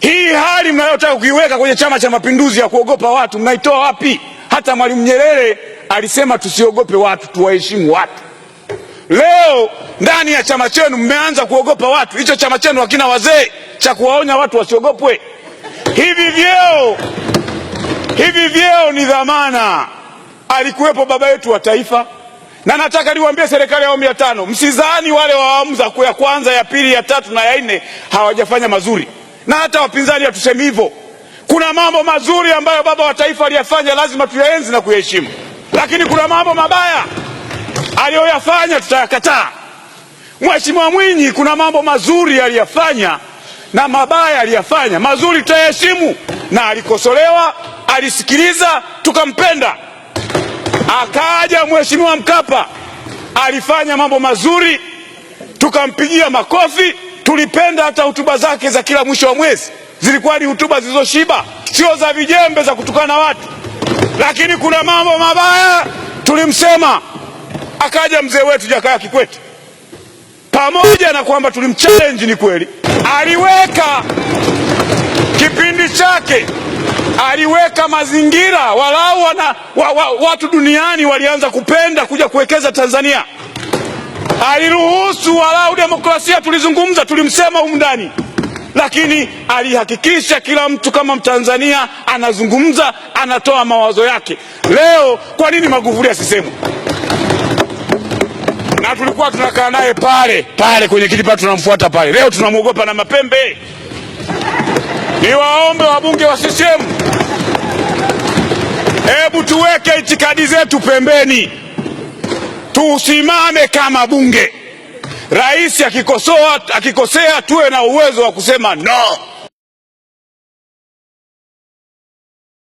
Hii hali mnayotaka kuiweka kwenye Chama cha Mapinduzi ya kuogopa watu mnaitoa wapi? Hata Mwalimu Nyerere alisema tusiogope watu, tuwaheshimu watu. Leo ndani ya chama chenu mmeanza kuogopa watu. Hicho chama chenu hakina wazee cha kuwaonya watu wasiogopwe. Hivi vyeo, hivi vyeo ni dhamana. Alikuwepo baba yetu wa taifa, na nataka niwaambie serikali ya awamu ya tano, msizani wale wa awamu ya kwanza, ya pili, ya tatu na ya nne hawajafanya mazuri na hata wapinzani hatusemi hivyo. Kuna mambo mazuri ambayo baba wa taifa aliyafanya, lazima tuyaenzi na kuyaheshimu, lakini kuna mambo mabaya aliyoyafanya tutayakataa. Mheshimiwa Mwinyi, kuna mambo mazuri aliyafanya na mabaya aliyafanya. Mazuri tutayaheshimu, na alikosolewa, alisikiliza, tukampenda. Akaja Mheshimiwa Mkapa, alifanya mambo mazuri, tukampigia makofi. Tulipenda hata hotuba zake za kila mwisho wa mwezi zilikuwa ni hotuba zilizoshiba, sio za vijembe za kutukana watu. Lakini kuna mambo mabaya tulimsema, akaja mzee wetu Jakaya Kikwete, pamoja na kwamba tulimchallenge, ni kweli aliweka kipindi chake aliweka mazingira walau wana, wa, wa, watu duniani walianza kupenda kuja kuwekeza Tanzania aliru kuhusu walau demokrasia tulizungumza, tulimsema humu ndani, lakini alihakikisha kila mtu kama Mtanzania anazungumza, anatoa mawazo yake. Leo kwa nini Magufuli asisemwe? Na tulikuwa tunakaa naye pale pale kwenye kiti pale, tunamfuata pale, leo tunamwogopa na mapembe. Niwaombe wabunge wa CCM, hebu tuweke itikadi zetu pembeni, tusimame kama bunge. Rais akikosoa akikosea, tuwe na uwezo wa kusema no.